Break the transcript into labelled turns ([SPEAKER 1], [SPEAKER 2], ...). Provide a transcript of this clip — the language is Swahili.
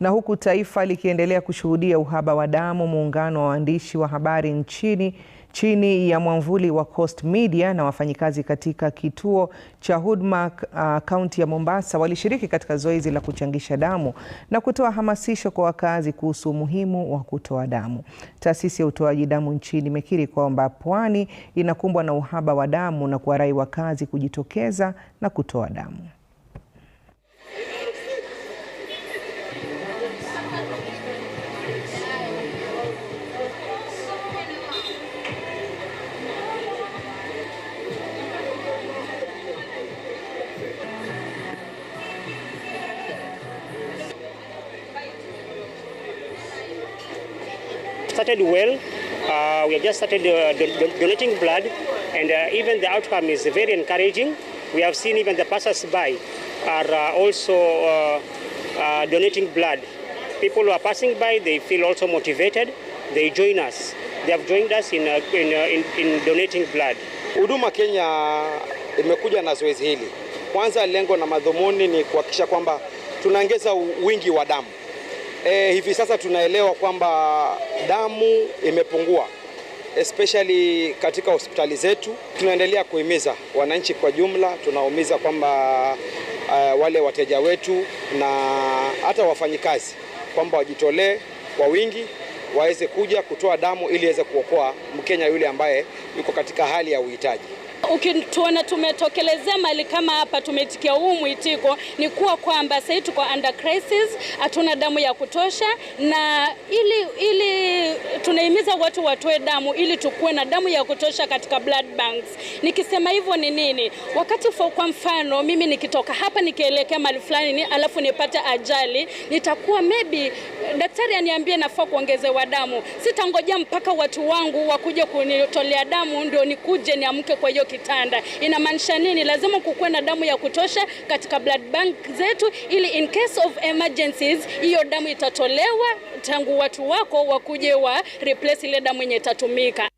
[SPEAKER 1] Na huku taifa likiendelea kushuhudia uhaba wa damu, muungano wa waandishi wa habari nchini chini ya mwamvuli wa Coast Media na wafanyikazi katika kituo cha huduma uh, kaunti uh, ya Mombasa walishiriki katika zoezi la kuchangisha damu na kutoa hamasisho kwa wakazi kuhusu umuhimu wa kutoa damu. Taasisi ya utoaji damu nchini imekiri kwamba pwani inakumbwa na uhaba wa damu na kuwarai wakazi kujitokeza na kutoa damu.
[SPEAKER 2] started well. Uh, we have just started uh, donating blood, and uh, even the outcome is very encouraging. We have seen even the passers-by are uh, also uh, uh, donating blood. People who are passing by, they feel also motivated. They join us. They have joined us in, uh, in, uh, in, in donating blood.
[SPEAKER 3] Huduma Kenya imekuja na zoezi hili. Kwanza lengo na madhumuni ni kuhakikisha kwamba tunaongeza wingi wa damu E, hivi sasa tunaelewa kwamba damu imepungua especially katika hospitali zetu. Tunaendelea kuhimiza wananchi kwa jumla, tunaumiza kwamba uh, wale wateja wetu na hata wafanyikazi kwamba wajitolee kwa wingi waweze kuja kutoa damu ili iweze kuokoa Mkenya yule ambaye yuko katika hali ya uhitaji
[SPEAKER 4] ukituona tumetokelezea mali kama hapa, tumetikia huu mwitiko, ni kuwa kwamba sasa tuko under crisis, hatuna damu ya kutosha, na ili ili tunahimiza watu watoe damu ili tukuwe na damu ya kutosha katika blood banks. Nikisema hivyo ni nini? Wakati kwa mfano mimi nikitoka hapa nikielekea mali fulani, alafu nipate ajali, nitakuwa maybe daktari aniambie nafaa kuongezewa damu, sitangojea mpaka watu wangu wakuja kunitolea damu ndio nikuje niamke kwa hiyo kitanda. Inamaanisha nini? Lazima kukuwe na damu ya kutosha katika blood bank zetu, ili in case of emergencies hiyo damu itatolewa tangu watu wako wakuje wa replace ile damu yenye itatumika.